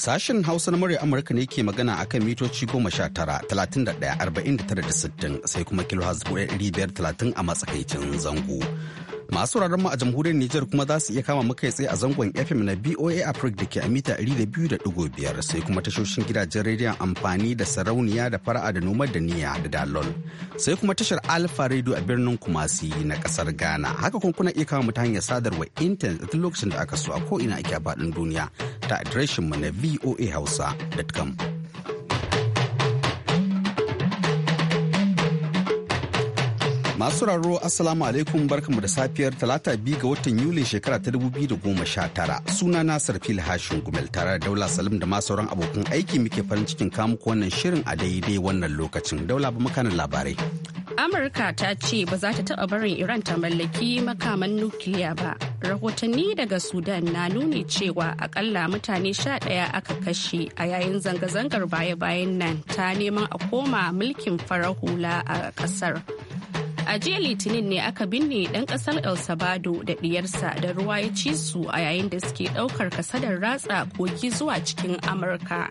Sashen Hausa na murya Amurka ne ke magana a kan mitoci 19,31,49,60 sai kuma kilo biyar talatin a matsakaicin zango. Masu mu a jamhuriyar Nijar kuma za su iya kama muka tsaye a zangon FM na BOA Africa da ke a mita 200.5 sai kuma tashoshin gidajen rediyon amfani da sarauniya da fara'a da noma da niyya da dalol. Sai kuma tashar Alpha Radio a birnin Kumasi na kasar Ghana. Haka kun kuna iya kama mu ta hanyar sadarwa intanet duk lokacin da aka so a ko ina ake a faɗin duniya ta adireshinmu mu na voahausa.com. Masu raro Assalamu alaikum barkamu da safiyar talata biyu ga watan Yulin shekara ta dubu biyu da goma sha tara suna Nasir Fil Hashin Gumel tare da Daula Salim da masu sauran abokan aiki muke farin cikin kamuku wannan shirin a daidai wannan lokacin. Daula ba makanan labarai. Amurka ta ce ba za ta taɓa barin Iran ta mallaki makaman nukiliya ba. Rahotanni daga Sudan na nuni cewa akalla mutane sha ɗaya aka kashe a yayin zanga-zangar baya-bayan nan ta neman a koma mulkin farar hula a ƙasar. a jiya litinin ne aka binne ɗan ƙasar el sabado da ɗiyarsa da ruwa ya ci su a yayin da suke ɗaukar kasadar ratsa kogi zuwa cikin amurka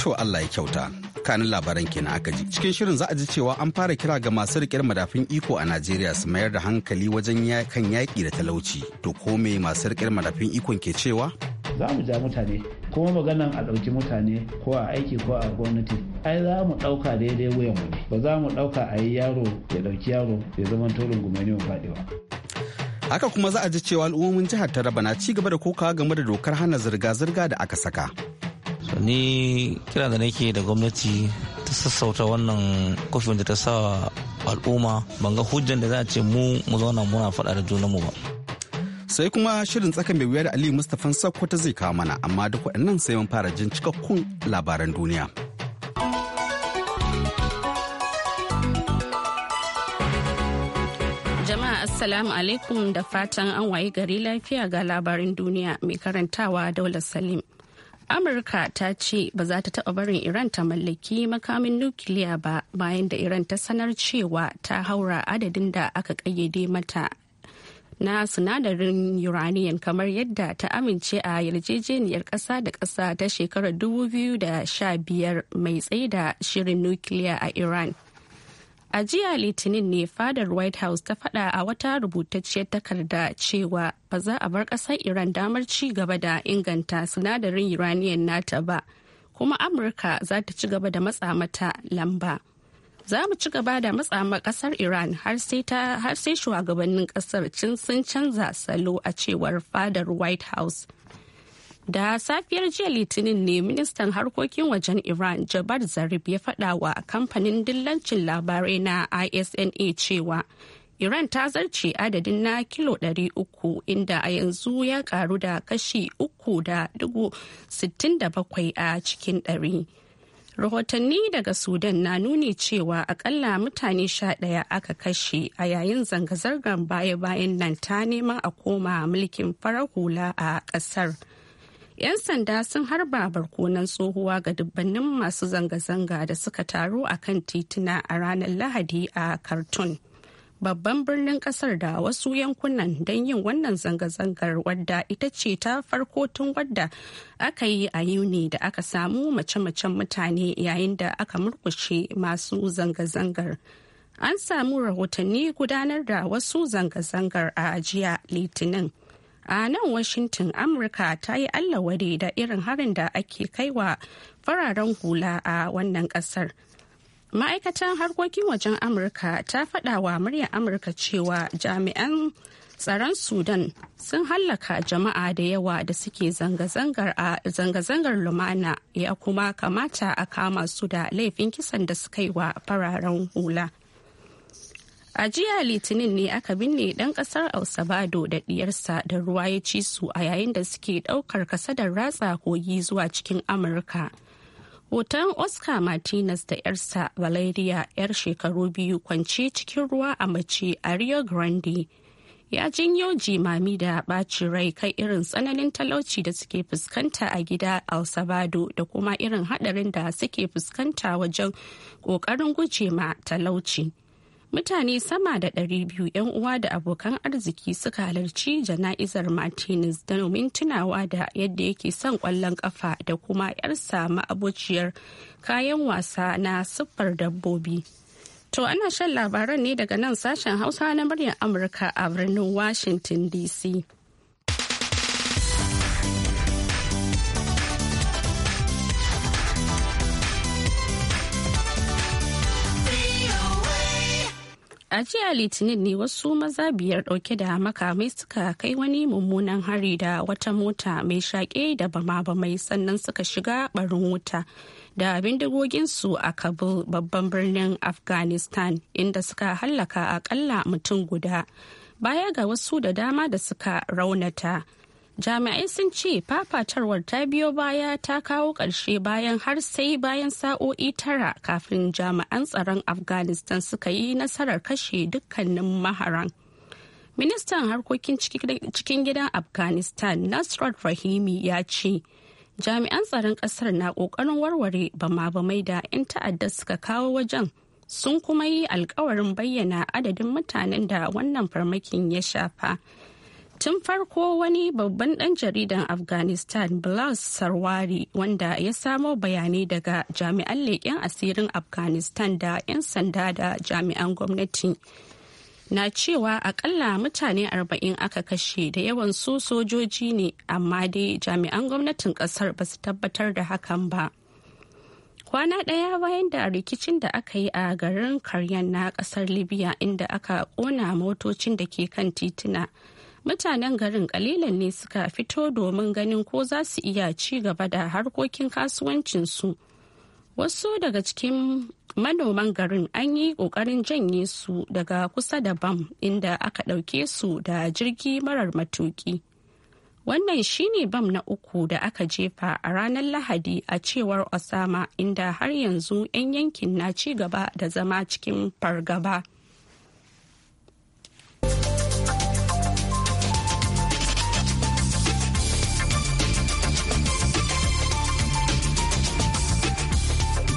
to allah ya kyauta kanin labaran kenan aka ji cikin shirin za a ji cewa an fara kira ga masu riƙe madafin iko a najeriya su mayar da hankali wajen kan yaƙi da talauci to ko me masu riƙe madafin ikon ke cewa za mu ja mutane kuma maganan a ɗauki mutane ko a aiki ko a gwamnati ai za mu ɗauka daidai wuyan mu ba za mu ɗauka a yi yaro ya ɗauki yaro ya zama torin gumani wa faɗiwa. haka kuma za a ji cewa al'ummomin jihar taraba na ci gaba da kokawa game da dokar hana zirga-zirga da aka saka. ni kira da nake da gwamnati ta sassauta wannan kofin da ta sa al'umma ban ga hujjan da za a ce mu mu zauna muna faɗa da junanmu ba sai kuma shirin tsaka mai wuya da aliyu mustapha sakkwata zai kawo mana amma duk waɗannan sai mun fara jin cikakkun labaran duniya jama'a assalamu alaikum da fatan an waye gari lafiya ga labarin duniya mai karantawa daular salim amurka ta ce ba za ta taɓa barin iran ta mallaki makamin nukiliya ba bayan da iran ta sanar cewa ta haura adadin da aka ƙayyade mata na sinadarin uranium kamar yadda ta amince a yarjejeniyar ƙasa da ƙasa ta shekarar 2015 mai tsaida shirin nukiliya a iran a jiya litinin ne fadar white house ta faɗa a wata rubutacciyar takarda cewa ba za a bar ƙasar iran damar ci gaba da inganta sinadarin uranium nata ba kuma amurka za ta ci gaba da matsa mata lamba za mu ci gaba da ma kasar iran har sai shugabannin kasar cin sun canza salo a cewar fadar white house da safiyar jiya litinin ne ministan harkokin wajen iran jabar zarif ya fada wa kamfanin dillancin labarai na isna cewa iran ta zarce adadin na kilo 300 inda a yanzu ya karu da kashi 3.67 a cikin ɗari. rahotanni daga sudan na nuni cewa akalla mutane sha ɗaya aka kashe a yayin zanga-zangar baya-bayan nan ta neman a koma mulkin farar hula a ƙasar 'yan sanda sun harba barkonan tsohuwa ga dubbannin masu zanga-zanga da suka taru a kan tituna a ranar lahadi a khartoum babban birnin kasar da wasu yankunan don yin wannan zanga-zangar wadda ita ce ta farko tun wadda aka yi a yuni da aka samu mace-macen mutane yayin da aka murkushe masu zanga-zangar an samu rahotanni gudanar da wasu zanga-zangar a jiya litinin a nan washington amurka ta yi allawari da irin harin da ake kaiwa fararen hula a wannan kasar ma'aikatan harkokin wajen amurka ta faɗa wa muryar amurka cewa jami'an tsaron sudan sun hallaka jama'a da yawa da suke zanga-zangar lumana ya kuma kamata a kama su da laifin kisan da suka yi wa fararen hula a jiya litinin ne aka binne dan kasar ausabado da diyarsa da ruwa ya ci su a yayin da suke daukar kasadar ratsa kogi zuwa cikin amurka Hoton Oscar Martinez da 'yarsa Valeria 'yar shekaru biyu kwance cikin ruwa a mace a Rio Grande. Ya jinyo jimami da ɓacin rai kai irin tsananin talauci da suke fuskanta a gida El Salvador da kuma irin haɗarin da suke fuskanta wajen ƙoƙarin guje ma talauci. mutane sama da ɗari biyu 'yan uwa da abokan arziki suka halarci jana'izar martinez da domin tunawa da yadda yake son kwallon kafa da kuma 'yarsa ma'abociyar kayan wasa na siffar dabbobi to ana shan labaran ne daga nan sashen hausa na muryar amurka a birnin washington dc a jiya litinin ne wasu maza biyar dauke da makamai suka kai wani mummunan hari da wata mota mai shaƙe da bama-bamai sannan suka shiga barin wuta da bindigoginsu a kabul babban birnin afghanistan inda suka hallaka akalla mutum guda baya ga wasu da dama da suka raunata. jami'ai sun ce fafatarwar ta biyo baya ta kawo ƙarshe bayan har sai bayan sa'o'i tara kafin jami'an tsaron afghanistan suka yi nasarar kashe dukkanin maharan ministan harkokin cikin gidan afghanistan nasrat rahimi ya ce jami'an tsaron ƙasar na ƙoƙarin warware bama mai da 'yan ta'adda suka kawo wajen sun kuma yi alkawarin bayyana adadin mutanen da wannan farmakin ya shafa tun farko wani babban ɗan jaridan afghanistan blas sarwari wanda ya samo bayanai daga jami'an leƙen asirin afghanistan da 'yan sanda da jami'an gwamnati na cewa akalla mutane 40 aka kashe da yawan su sojoji ne amma dai jami'an gwamnatin kasar ba su tabbatar da hakan ba kwana ɗaya bayan da rikicin da aka yi a garin karyan na kasar libya inda aka kona motocin da ke kan tituna mutanen garin kalilan ne suka fito domin ganin ko za su iya ci gaba da harkokin kasuwancinsu wasu daga cikin manoman garin an yi kokarin janye su daga kusa da bam inda aka ɗauke su da jirgi marar matuki wannan shine bam na uku da aka jefa a ranar lahadi a cewar osama inda har yanzu 'yan yankin na ci gaba da zama cikin fargaba.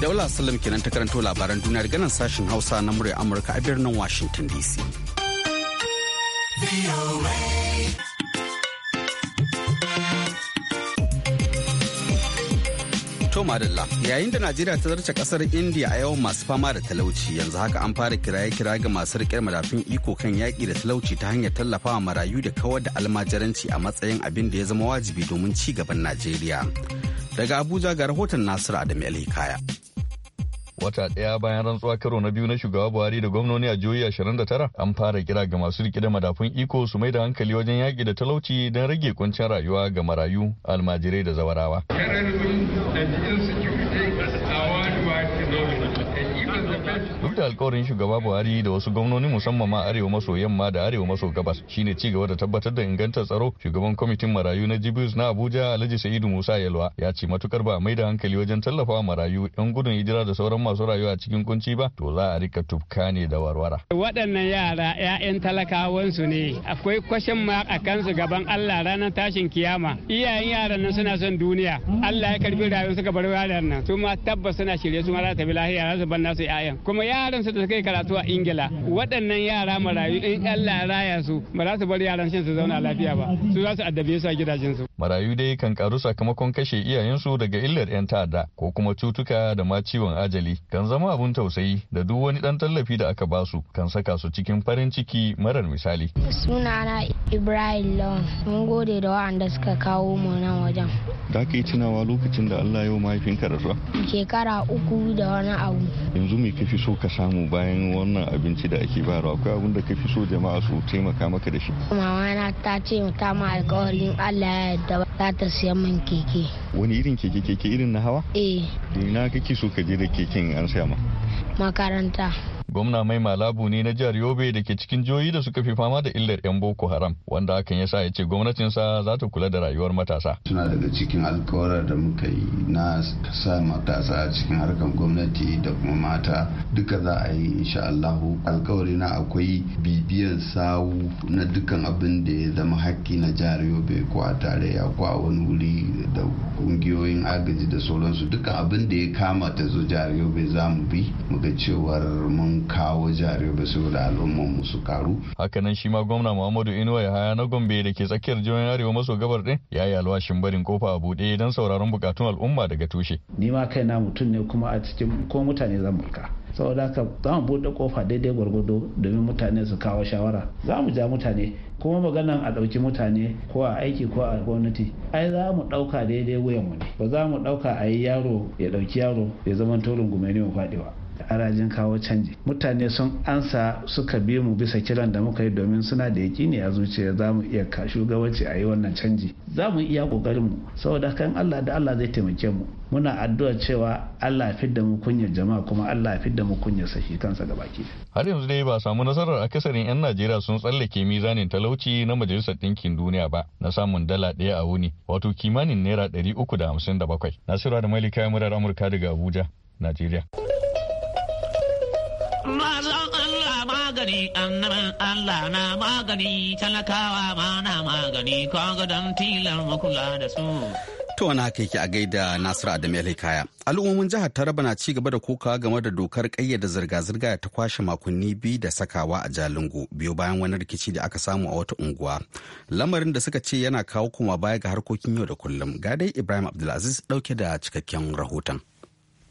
Daula Salim kenan ta karanto labaran duniyar ganin sashen Hausa na murya Amurka a birnin Washington DC. To yayin da Najeriya ta zarce kasar India a yawan masu fama da talauci yanzu haka an fara kiraye-kiraye ga masu riƙe madafin iko kan yaƙi da talauci ta hanyar tallafawa marayu da kawar da almajiranci a matsayin abin da ya zama wajibi domin ci gaban Najeriya. Daga Abuja ga rahoton Nasiru adamu Alhikaya. Hikaya. wata ɗaya bayan rantsuwa karo na biyu na shugaba buhari da gwamnoni a jihohi ashirin da tara an fara kira ga masu rike da madafun iko su mai da hankali wajen yaƙi da talauci don rage kuncin rayuwa ga marayu almajirai da zawarawa alkawarin shugaba buhari da wasu gwamnoni musamman ma arewa maso yamma da arewa maso gabas shine ci gaba da tabbatar da ingantar tsaro shugaban kwamitin marayu na jibius na abuja alhaji sa'idu musa yalwa ya ce matukar ba mai da hankali wajen tallafawa marayu yan gudun hijira da sauran masu rayuwa a cikin kunci ba to za a rika tufka ne da warwara waɗannan yara 'ya'yan talakawansu ne akwai kwashin ma a kansu gaban allah ranar tashin kiyama iyayen yaran nan suna son duniya allah ya karbi rayuwar ga bar yaran nan su ma tabbas suna shirye su ma za ta bi lahiya za su ban nasu 'ya'yan kuma yaran yaransu da suka yi karatu a ingila waɗannan yara marayu in allah raya su ba za su bar yaran shin su zauna lafiya ba su za su addabe su a gidajensu marayu dai kan karu sakamakon kashe iyayensu daga illar 'yan ta'adda ko kuma cutuka da ma ciwon ajali kan zama abun tausayi da duk wani dan tallafi da aka basu kan saka su cikin farin ciki marar misali sunana ibrahim lawan mun gode da wa'anda suka kawo mu nan wajen da ka yi tunawa lokacin da allah yau mahaifinka rasuwa shekara uku da wani abu yanzu me kafi so ka samu samu bayan wannan abinci da ake bayarwa akwai abin da ka fi so jama'a su taimaka maka da shi mama na ta ce ta ma alƙawarin Allah ya yarda za ta siya min keke wani irin keke keke irin na hawa eh ina kake so ka je da keken an siya ma makaranta gwamna mai malabu ne na jihar yobe da ke cikin jihohi da suka fi fama da illar 'yan boko haram wanda hakan ya sa ya ce gwamnatinsa za ta kula da rayuwar matasa suna daga cikin alkawarar da muka yi na sa matasa cikin harkar gwamnati da kuma mata duka za a yi insha Allahu alkawari na akwai bibiyan sawu na dukan abin da ya zama hakki na jihar Yobe ko a ya ko a wani wuri da kungiyoyin agaji da sauransu duka abin da ya kama ta zo jihar Yobe za mu bi mu ga cewar mun kawo jihar Yobe saboda al'umman mu su karu hakanan shi ma gwamna Muhammadu Inuwa haya na Gombe da ke tsakiyar jihar Arewa maso gabar din ya yi alwashin barin kofa a buɗe don sauraron bukatun al'umma daga tushe ni ma kaina mutum ne kuma a cikin ko mutane zan mulka saboda haka za mu buɗe kofa daidai gwargwado domin mutane su kawo shawara za mu ja mutane kuma maganan a ɗauki mutane ko a aiki ko a gwamnati ai za mu ɗauka daidai wuyanmu ne ba za mu ɗauka a yi yaro ya ɗauki yaro ya zama torin gumeni mu faɗi ba da arajin kawo canji mutane sun ansa suka bi mu bisa kiran da muka yi domin suna da yakini a zuciya za mu iya shugabanci a yi wannan canji za mu iya kokarin mu saboda kan Allah da Allah zai taimake mu muna addu'a cewa Allah ya fidda mu kunyar jama'a kuma Allah ya fidda mu kunyar sashi kansa baki. har yanzu dai ba samu nasarar akasarin yan Najeriya sun tsallake mizanin talauci na majalisar ɗinkin duniya ba na samun dala ɗaya a wuni wato kimanin naira ɗari uku da hamsin da bakwai nasiru da malika murar amurka daga abuja najeriya Mazan Allah magani, annaban Allah na magani, talakawa ma na magani, kaga don tilar makula da su. To wani haka yake a gaida Nasiru Adam kaya Al'ummomin jihar Taraba na ci gaba da kokawa game da dokar ƙayyada zirga-zirga ta kwashe makonni biyu da sakawa a Jalingo biyu bayan wani rikici da aka samu a wata unguwa. Lamarin da suka ce yana kawo kuma baya ga harkokin yau da kullum. Ga dai Ibrahim Abdulaziz ɗauke da cikakken rahoton.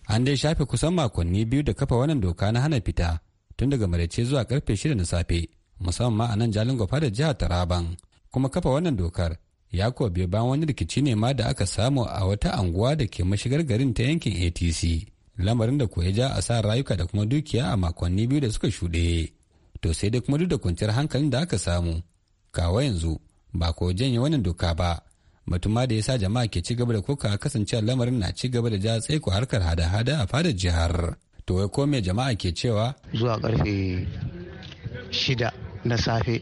an dai shafe kusan makonni biyu da kafa wannan doka na hana fita tun daga maraice zuwa karfe shida na safe musamman ma a nan jalin gwafa da jihar taraban kuma kafa wannan dokar ya kuwa biyo bayan wani rikici ne ma da aka samu a wata anguwa da ke mashigar garin ta yankin atc lamarin da kuwa ya ja a sa rayuka da kuma dukiya a makonni biyu da suka shuɗe to sai dai kuma duk da kwanciyar hankalin da aka samu kawa yanzu ba ko janye wannan doka ba batun da ya sa jama'a ke ci gaba da kuka kasance lamarin na ci gaba da ja tsaiko harkar hada-hada a fadar jihar to wai ko me jama'a ke cewa zuwa karfe shida na safe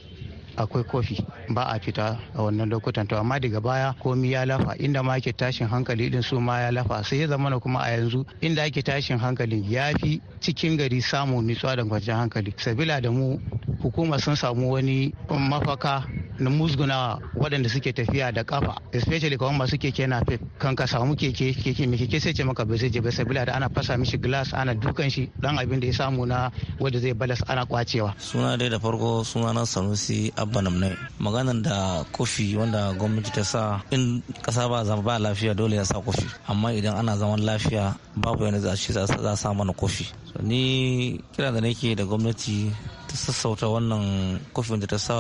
akwai kofi ba a fita a wannan lokutan to amma daga baya komi ya lafa inda ma ake tashin hankali din su ma ya lafa sai ya zamana kuma a yanzu inda ake tashin hankali ya fi cikin gari samun nutsuwa da kwanciyar hankali sabila da mu hukuma sun samu wani mafaka na musguna waɗanda suke tafiya da kafa especially kawai masu keke na fit kan ka samu keke keke mai keke sai ce maka bai zai je ba sabila da ana fasa mishi glass ana dukan shi dan abin da ya samu na wanda zai balas ana kwacewa suna dai da farko suna na sanusi abba namne maganan da kofi wanda gwamnati ta sa in kasa ba zama ba lafiya dole ya sa kofi amma idan ana zaman lafiya babu yana za a sa mana kofi ni kira da nake da gwamnati ta sassauta wannan kofin da ta sa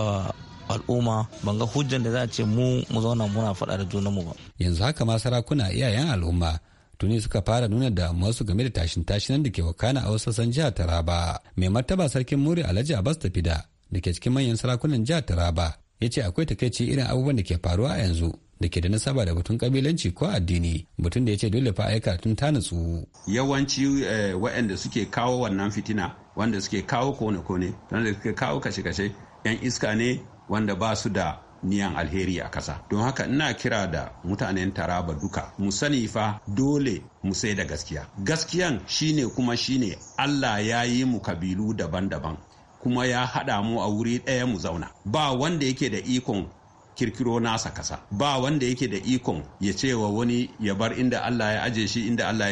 al'umma ban ga hujjan da za a ce mu mu zauna muna faɗa da mu ba yanzu haka ma sarakuna iyayen al'umma tuni suka fara nuna da masu game da tashin tashinan da ke wakana a wasu sassan jihar taraba mai martaba sarkin muri alhaji abbas fida da ke cikin manyan sarakunan jihar taraba ya ce akwai takaici irin abubuwan da ke faruwa a yanzu da ke da nasaba da batun kabilanci ko addini batun da ya ce dole fa aika tun ta nutsu. yawanci eh, waɗanda suke kawo wannan fitina wanda suke kawo kone-kone wanda suke kawo kashe-kashe yan iska ne wanda ba su da niyan alheri a kasa. don haka ina kira da mutanen taraba duka mu sani fa dole mu sai da gaskiya gaskiyan shine kuma shine allah ya yi mu kabilu daban-daban kuma ya haɗa mu a wuri ɗaya mu zauna ba wanda yake da ikon kirkiro nasa kasa ba wanda yake da ikon ya ce wa wani ya bar inda Allah ya aje shi inda Allah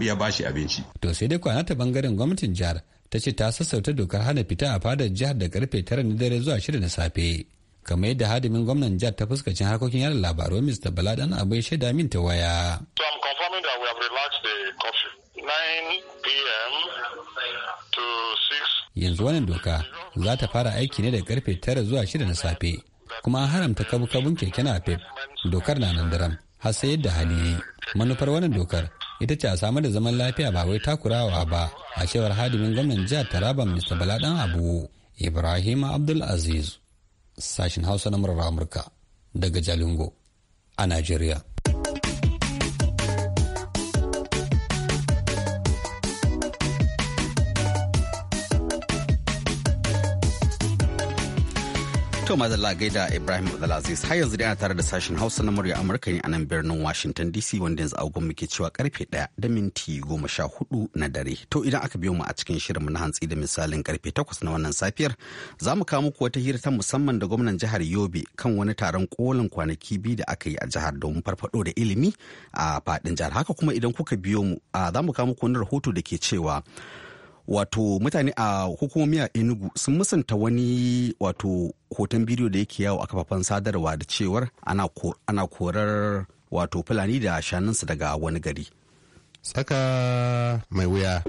ya bashi abinci. To sai dai kwana ta bangaren gwamnatin jihar ta ce ta sassauta dokar hana fita a fadar jihar da karfe tara na dare zuwa shida na safe kamar yadda hadimin gwamnan jihar ta fuskacin harkokin yada labaru mr baladan abai shaida min ta waya. yanzu wannan doka za ta fara aiki ne da karfe tara zuwa shida na safe kuma an haramta kabu-kabun keke napep dokar na nan daram har sai yadda hali manufar wannan dokar ita ce a samar da zaman lafiya ba wai takurawa ba a cewar hadimin gwamnan jihar taraba mr bala abu ibrahim abdul aziz sashin hausa na murar amurka daga jalingo a nigeria. To mazalla gaida Ibrahim Abdulaziz har yanzu dai tare da sashen Hausa na murya Amurka ne a nan birnin Washington DC wanda yanzu agon muke cewa karfe 1 da minti 14 na dare. To idan aka biyo mu a cikin shirinmu na hantsi da misalin karfe 8 na wannan safiyar za mu kawo muku wata hira ta musamman da gwamnan jihar Yobe kan wani taron kolin kwanaki biyu da aka yi a jihar domin farfado da ilimi a fadin jihar. Haka kuma idan kuka biyo mu za mu kawo muku wani rahoto da ke cewa wato mutane a hukumomi a enugu sun musanta wani wato hoton bidiyo da yake yawo a kafafen sadarwa da cewar ana korar wato fulani da shanunsu daga wani gari saka mai wuya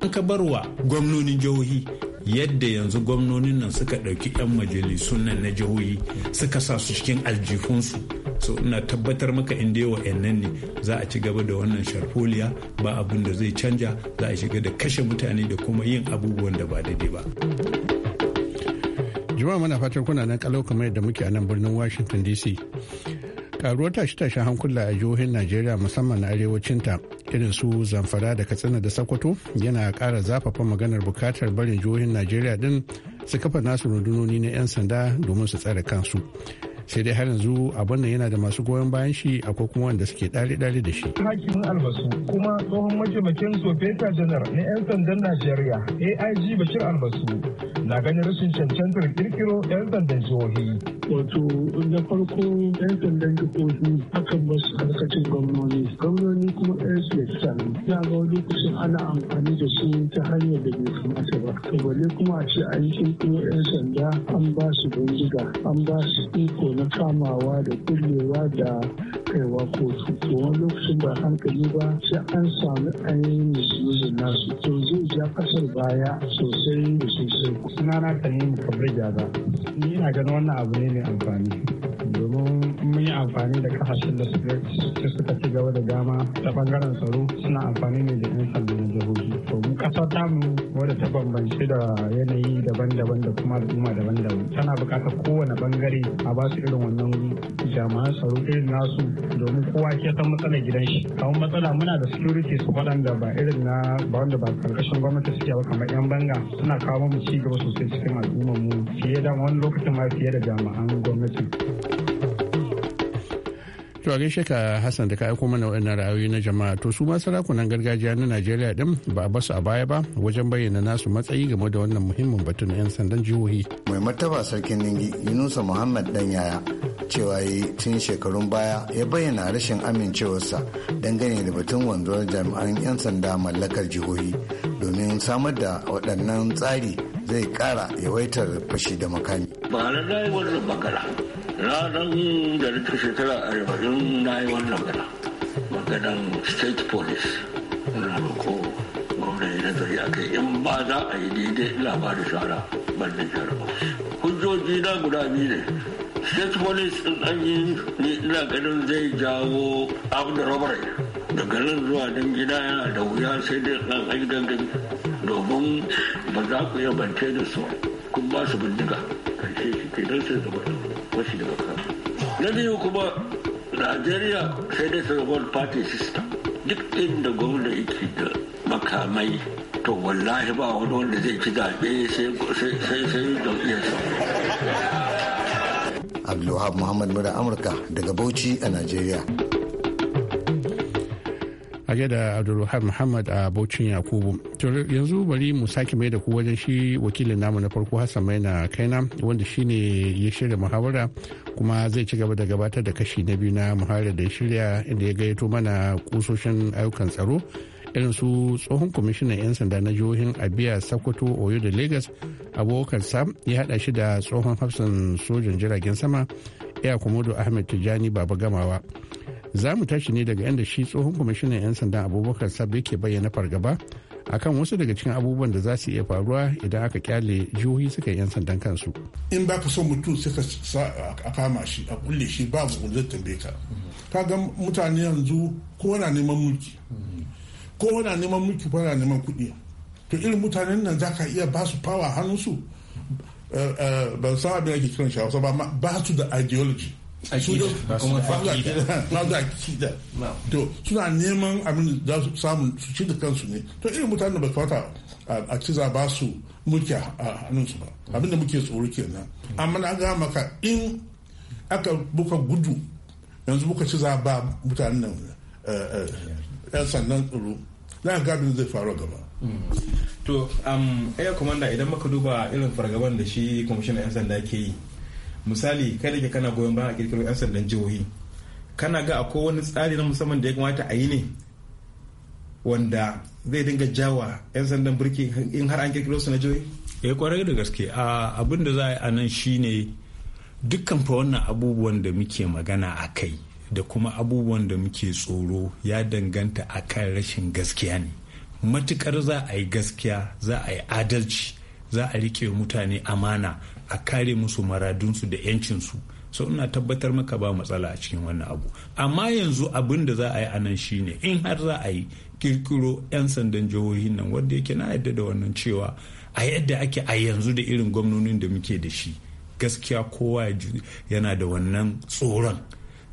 an ka barwa gwamnonin jihohi yadda yanzu gwamnonin nan suka ɗauki 'yan majalisun nan na jihohi suka sa su cikin aljihunsu so ina tabbatar maka in dai nan ne za a ci gaba da wannan sharfoliya ba abin da zai canja za a shiga da kashe mutane da kuma yin abubuwan da ba daidai ba jama'a muna fatan kuna nan kalau kamar yadda muke a nan birnin washington dc karuwar tashi tashi hankula a jihohin najeriya musamman na arewacinta irin su zamfara da katsina da sokoto yana ƙara zafafa maganar bukatar barin jihohin najeriya din su kafa nasu rundunoni na 'yan sanda domin su tsare kansu sai dai har yanzu abin nan yana da masu goyon bayan shi akwai kuma wanda suke dare-dare da shi. Hakimin Albasu kuma tsohon mataimakin Sofeta Janar na 'yan sandan Najeriya AIG Bashir Albasu na ganin rashin cancantar kirkiro 'yan sandan jihohi wato na farko yan sandan jihohi akan masu harkacin gwamnoni gwamnoni kuma yan siyasa ya ga wani kusan ana amfani da su ta hanyar da bai kamata ba to balle kuma a ce an yi kuma yan sanda an ba su bindiga an ba su iko na kamawa da kullewa da kaiwa kotu to lokacin ba hankali ba sai an samu ainihin misusing nasu to zai ja kasar baya sosai da sosai suna na yi kabir jaza ni yana ganin wannan abu ne mai amfani domin mun yi amfani da kasashen da suka ci gaba da dama ta bangaren tsaro suna amfani ne da yan sanda na jihohi ta tamu wadda ta bambance da yanayi daban-daban da kuma al'umma daban-daban tana bukatar kowane bangare a ba su irin wannan jami'an tsaro irin nasu domin kowa ke san matsalar gidan shi kawun matsala muna da security faɗan waɗanda ba irin na ba wanda ba karkashin gwamnati suke ba kamar yan banga suna kawo mu ci gaba sosai cikin al'ummar mu fiye da wani lokacin ma fiye da jami'an gwamnati. To a gaishe ka Hassan da ka aiko mana waɗannan ra'ayoyi na jama'a to su ma sarakunan gargajiya na Najeriya din ba a basu a baya ba wajen bayyana nasu matsayi game da wannan muhimmin batun yan sandan jihohi. Mai martaba sarkin Ningi Yunusa Muhammad dan yaya cewa yi tun shekarun baya ya bayyana rashin amincewarsa dangane da batun wanzuwar jami'an yan sanda mallakar jihohi domin samar da waɗannan tsari zai ƙara yawaitar fashi da makami. Ba na rayuwar ranar da na shekara arba'in na yi wannan magana maganan state police na ko gwamna ya nazari a kai in ba za a yi daidai ina ba da shara bandin shara hujjoji na guda biyu ne state police in an yi ne ina ganin zai jawo abu da rabarai daga nan zuwa don gida yana da wuya sai dai an an gani domin ba za ku yi bance da su kun ba su bindiga karshe shi ke don sai zama wasu democrat na biyu kuma najeriya sai dai su one party system duk inda gwamna yake da makamai to wallahi ba wani wanda zai ci zaɓe sai sai sa abdulwahab muhammad mura amurka daga bauchi a najeriya a da abdulwahab muhammad a bocin yakubu to yanzu bari mu sake mai da ku wajen shi wakilin namu na farko hassan maina kaina wanda shine ya shirya muhawara kuma zai ci gaba da gabatar da kashi na biyu na muhawara da ya shirya inda ya gayyato mana kusoshin ayyukan tsaro irin su tsohon kwamishinan 'yan sanda na jihohin abia sokoto oyo da lagos abokan sam ya hada shi da tsohon hafsan sojan jiragen sama ya komodo ahmed tijjani baba gamawa za mu tashi ne daga yadda shi tsohon kwamishinan 'yan sandan abubakar sabbi ke bayyana fargaba akan wasu daga cikin abubuwan da za su iya faruwa idan aka kyale jihohi suka yi 'yan sandan kansu in ba ka so mutum suka a kama shi a kulle shi babu kulle tambaye ka ka ga mutane yanzu ko wana neman mulki ko wana neman mulki ko wana neman kuɗi to irin mutanen nan za ka iya ba su fawa su eh, eh, ban san abin ake kiran shi ba ba su da ideology akida kuma akida to suna neman abin da su samu su ci da kansu ne to irin mutane ba kwata a ci za ba su mulki a hannunsu ba abin da muke tsoro kenan amma na ga maka in aka buka gudu yanzu buka ci za ba mutanen nan eh, eh, yan sannan tsoro na ga abin zai faru gaba mm. to um, air commander idan muka duba irin fargaban da shi kwamishinan yan sanda ke yi misali kai da kana goyon baya a kirkiro 'yan sandan jihohi kana ga akwai wani tsari na musamman da ya kamata a yi ne wanda zai dinga jawa 'yan sandan birki in har an kirkiro su na jihohi ya eh, kwarai da gaske abin da za a yi a nan shine dukkan fa wannan abubuwan da muke magana a kai da kuma abubuwan da muke tsoro ya danganta a kan rashin gaskiya ne matukar za a yi gaskiya za a yi adalci za a rike mutane amana a kare musu maradunsu da 'yancinsu so ina tabbatar maka ba matsala a cikin wannan abu amma yanzu abin da za a yi a nan shine in har za a yi kirkiro 'yan sandan jihohin nan wanda yake na yadda da wannan cewa a yadda ake a yanzu da irin gwamnonin da muke da shi gaskiya kowa yana da wannan tsoron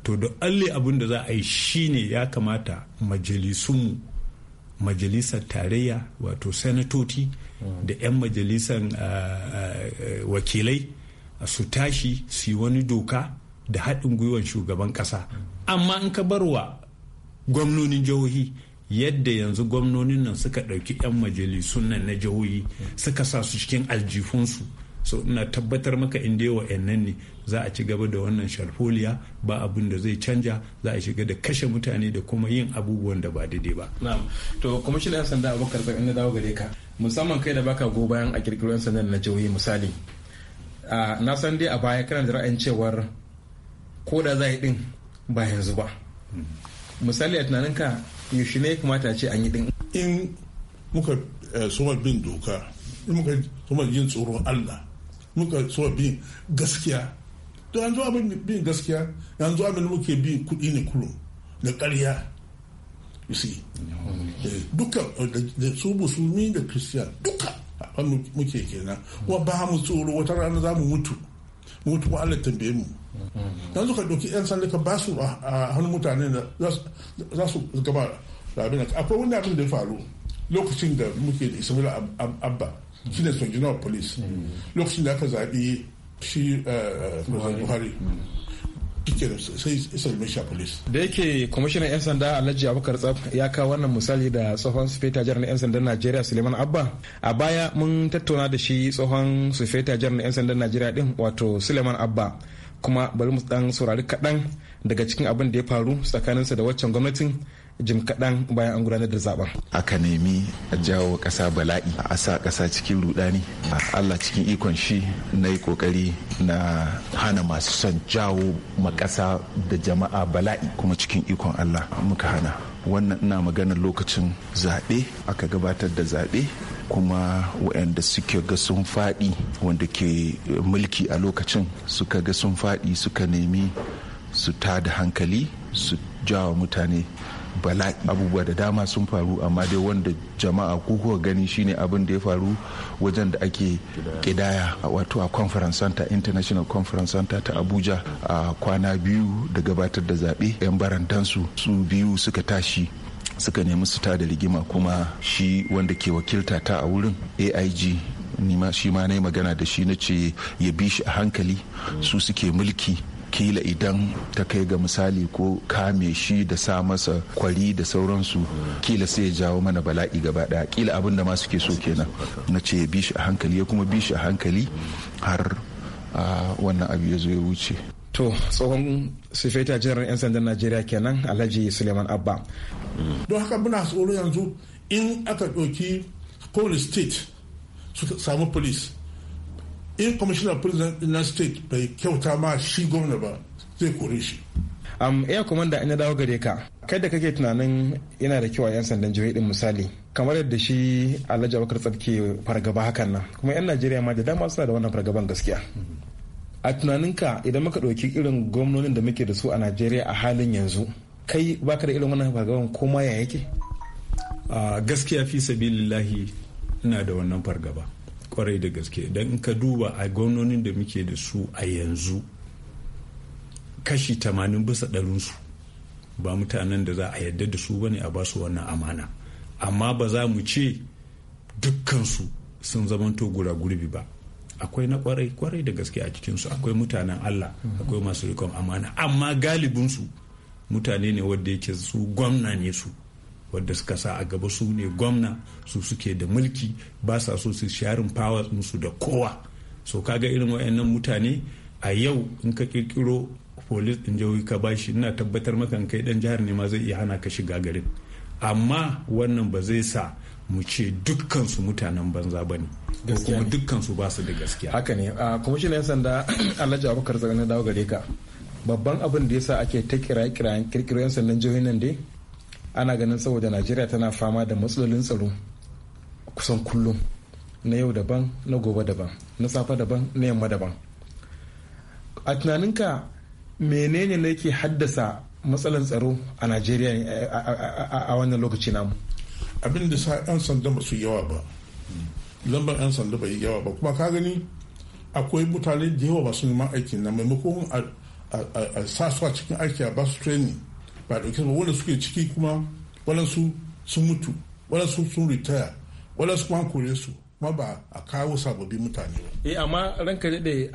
to da alle abin da za a yi shine ya kamata majalisunmu majalisar tarayya wato sanatoci mm. da 'yan majalisar uh, uh, wakilai uh, su tashi su yi wani doka da haɗin gwiwan shugaban ƙasa mm. amma in ka bar wa gwamnonin jihohi yadda yanzu gwamnonin nan suka ɗauki 'yan majalisun nan na jihohi mm. suka sa su cikin aljifunsu so ina tabbatar maka in dai wa'annan ne za a ci gaba da wannan sharholiya ba abin da zai canja za a shiga da kashe mutane da kuma yin abubuwan da ba daidai ba. Na'am. To kwamishinan 'yan sanda Abubakar Bai na dawo gare ka musamman kai da baka go bayan a kirkiro 'yan sanda na jihohi misali. na san dai a baya kana da ra'ayin cewar ko da za yi din ba yanzu ba. Misali a tunaninka yaushe ne kamata a ce an yi din. In muka eh, suma bin doka, in muka suma yin tsoron Allah muka so bin gaskiya to yanzu abin bin gaskiya yanzu abin muke bin kudi ne kullum da ƙarya you see eh, duka da su musulmi da kristiyan duka muke kenan wa ba mu tsoro wata rana za mu mutu mutu ko Allah tambaye mu yanzu ka doki 'yan sanda ka basu a ah, ah, hannun mutane da za su gaba da abin akwai wani abin da ya faru lokacin da muke da ismail abba su ne sojinar police mm. lokacin da aka zaɓi shi eh, eh, buhari kike mm. sai isa police da yake kwamishinan yan sanda alhaji abubakar tsaf ya kawo wannan misali da tsohon sufeta jihar na yan sandan najeriya suleiman abba a baya mun tattauna da shi tsohon sufeta jihar na yan sandan najeriya din wato suleiman abba kuma bari mu dan saurari kaɗan daga cikin abin da ya faru tsakaninsa da waccan gwamnatin jim kaɗan bayan an gudanar da zaben. Aka nemi a jawo ƙasa bala'i a sa ƙasa cikin rudani Allah cikin ikon shi na yi ƙoƙari na hana masu son jawo makasa da jama'a bala'i kuma cikin ikon Allah muka hana. Wannan ina maganar lokacin zaɓe aka gabatar da zaɓe kuma waɗanda suke ga sun faɗi wanda ke mulki a lokacin suka ga sun faɗi suka nemi su tada hankali su jawo mutane bala'i abubuwa da dama sun faru amma dai wanda jama'a kuka gani shine abin da ya faru wajen da ake kidaya wato a conference center international conference center ta abuja a kwana biyu da gabatar da zaɓe 'yan barantansu su biyu suka tashi suka nemi su ta da rigima kuma shi wanda ke wakilta ta a wurin aig shi ma na magana da shi na ce ya bi shi a hankali su suke mulki kila idan ta kai ga misali ko kame shi da sa masa kwari da sauransu kila sai ya jawo mana bala'i gaba daya kila abin da ma suke so kenan na ce ya bi shi a hankali ya kuma bi shi a hankali har wannan abu ya zo ya wuce to tsohon sifaita jiran 'yan sandan najeriya kenan alhaji suleiman abba don haka muna tsoro yanzu in aka ɗauki kowane state su samu police in president in na state bai kyauta ma shi gwamna ba zai kore shi um, air commander ina dawo gare ka kai da kake tunanin yana da kyau a 'yan sandan jihohi din misali kamar yadda shi alhaji Abubakar tsarki fargaba hakan nan kuma 'yan najeriya ma da dama suna da wannan fargaban gaskiya a tunaninka idan muka ɗauki irin gwamnonin da muke da su a najeriya a halin yanzu kai baka da irin wannan fargaban ma ya yake gaskiya fi sabilillahi ina da wannan fargaba kwarai da gaske don ka duba a gwamnonin da muke da su a yanzu kashi tamanin bisa ɗarinsu ba mutanen da za a yadda da su ba ne a ba su wannan amana amma ba za mu ce dukkansu sun zamanto gura gurbi ba akwai na kwarai kwarai da gaske a cikinsu akwai mutanen allah akwai masu rikon amana amma galibinsu mutane ne wadda yake su gwamna ne su wadda suka sa a gaba su ne gwamna su suke da mulki ba sa so su sharin power musu da kowa so kaga irin wayannan mutane a yau in ka kirkiro police din jihohi ka bashi ina tabbatar maka kai dan jihar ne ma zai iya hana ka shiga garin amma wannan ba zai sa mu ce dukkan su mutanen banza ba ne kuma dukkan su ba su da gaskiya haka ne a kwamishinan sanda alhaji abubakar zagana dawo gare ka babban abin da yasa ake ta kira kirayen kirkiro yan sandan jihohin nan dai ana ganin saboda najeriya tana fama da matsalolin tsaro kusan kullum na yau daban na gobe daban na safe daban na yamma daban a tunaninka menene ne ke haddasa matsalan tsaro a najeriya a wannan lokaci namu abin da sa 'yan sanda ba su yawa ba lambar 'yan sanda ba yawa ba kuma ka gani akwai mutane da yawa ba su neman aiki na maimakon a sasuwa cikin aiki a basu training ba ɗauki ba wanda suke ciki kuma waɗansu sun mutu waɗansu sun ritaya waɗansu kuma kore su kuma ba a kawo sababbin mutane ba. eh amma ranka daɗe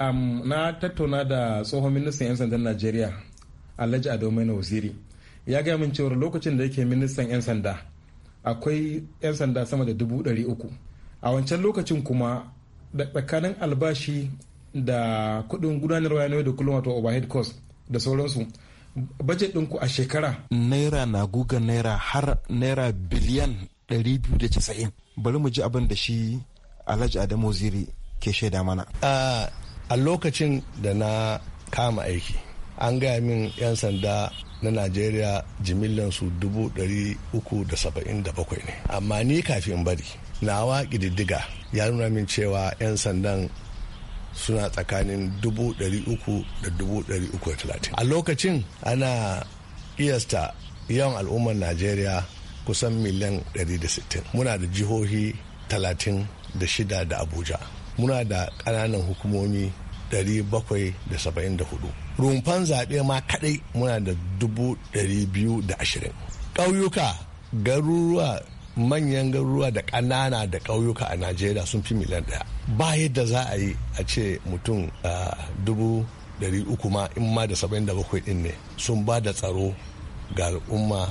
na tattauna da tsohon ministan 'yan sandan najeriya alhaji adomai waziri ya gaya min cewar lokacin da yake ministan 'yan sanda akwai 'yan sanda sama da dubu ɗari uku a wancan lokacin kuma da tsakanin albashi da kuɗin gudanarwa yanayi da kullum wato overhead cost da sauransu budget ɗinku a shekara naira na guga naira har naira biliyan 290 bari mu ji abin da shi alhaji adamu ziri ke shaida mana a lokacin da na kama aiki an gaya min 'yan sanda na najeriya jimillansu 377 ne amma ni kafin bari nawa ƙididdiga ya nuna min cewa 'yan sandan suna tsakanin 300 da 330 a lokacin ana iyasta yawan al'ummar najeriya kusan miliyan 160 muna da jihohi 36 da abuja muna da ƙananan hukumomi 774 rumfan zaɓe ma kaɗai muna da 220 ƙauyuka garuruwa manyan garuruwa da ƙanana da ƙauyuka a najeriya sun fi miliyan ɗaya ba yadda za a yi a ce mutum dubu dari uku ma in ma da saba'in da bakwai din ne sun ba da tsaro ga al'umma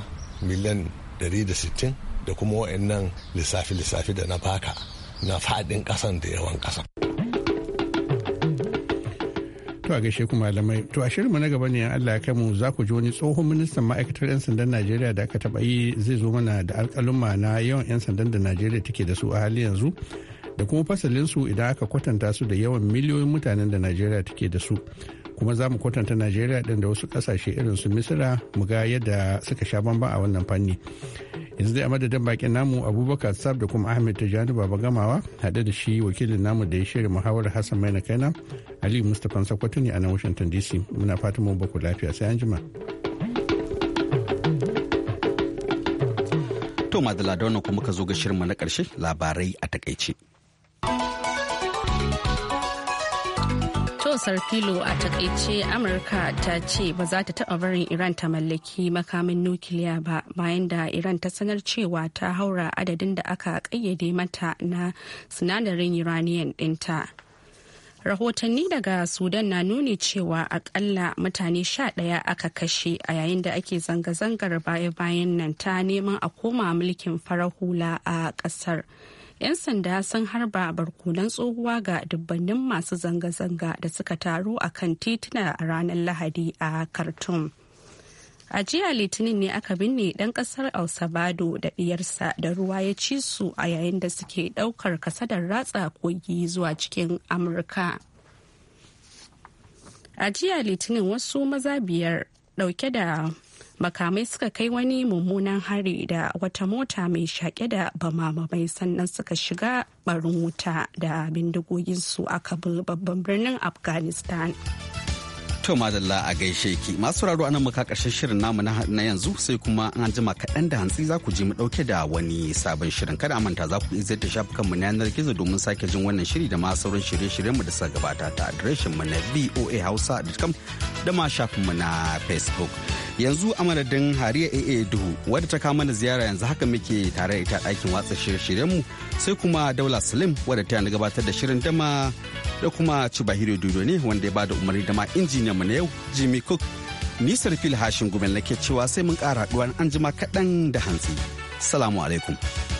miliyan dari da sittin da kuma wa'annan lissafi-lissafi da na baka na faɗin ƙasan da yawan ƙasa To a gaishe kuma malamai, to a shirinmu na gaba ne Allah ya mu za ku ji wani tsohon ministan ma'aikatar 'yan sandan Najeriya da aka taɓa yi zai zo mana da alƙaluma na yawan 'yan sandan da Najeriya take da su a halin yanzu da kuma fasalinsu idan aka kwatanta su da yawan miliyoyin mutanen da najeriya take da su kuma za mu kwatanta najeriya ɗin da wasu kasashe irin su misira mu ga yadda suka sha bamba a wannan fanni yanzu dai a madadin bakin namu abubakar sab da kuma ahmed tijjani baba gamawa haɗe da shi wakilin namu da ya shirya muhawarar hassan maina kaina aliyu mustapha sakwato ne a nan washington dc muna fatan mu baku lafiya sai anjima. jima. To madala da wani kuma ka zo ga shirinmu na ƙarshe labarai a takaice. Tosar filo a takaice Amurka ta ce ba za ta taɓa barin Iran ta mallaki makamin nukiliya ba bayan da Iran ta sanar cewa ta haura adadin da aka ƙayyade mata na sinadarin iraniyan ɗinta. rahotanni daga sudan na nuni cewa akalla mutane sha ɗaya aka kashe a yayin da ake zanga-zangar baya-bayan nan ta neman a koma mulkin farar hula a ƙasar 'yan sanda sun harba barkunan tsohuwa ga dubbannin masu zanga-zanga da suka taru a kan tituna a ranar lahadi a khartoum a jiya litinin ne aka binne dan kasar el sabado da ɗiyarsa da ruwa ya ci su a yayin da suke ɗaukar kasadar ratsa kogi zuwa cikin amurka a jiya litinin wasu maza biyar ɗauke da makamai suka kai wani mummunan hari da wata mota mai shaƙe da bamamamai sannan suka shiga barin wuta da bindigoginsu a kabul babban birnin afghanistan To madalla a gaishe ki masu sauraro anan muka karshen shirin namu na yanzu sai kuma an jima kaɗan da hantsi za ku ji mu ɗauke da wani sabon shirin kada a manta za ku iya da shafukan mu na yanar gizo domin sake jin wannan shiri da ma sauran shirye-shiryen mu da suka gabata ta adireshin mu na hausa da ma shafin mu na facebook yanzu a madadin hariya aa duhu wadda ta kama mana ziyara yanzu haka muke tare da ita ɗakin watsa shirye-shiryen mu sai kuma daula salim wadda ta gabatar da shirin dama da kuma Chibahiro Dodo ne wanda ya bada umarni da ma injiniyan mu na yau Jimmy Cook. Nisar fil hashin gumen nake cewa sai mun kara haduwa an jima kaɗan da hantsi. Salamu alaikum.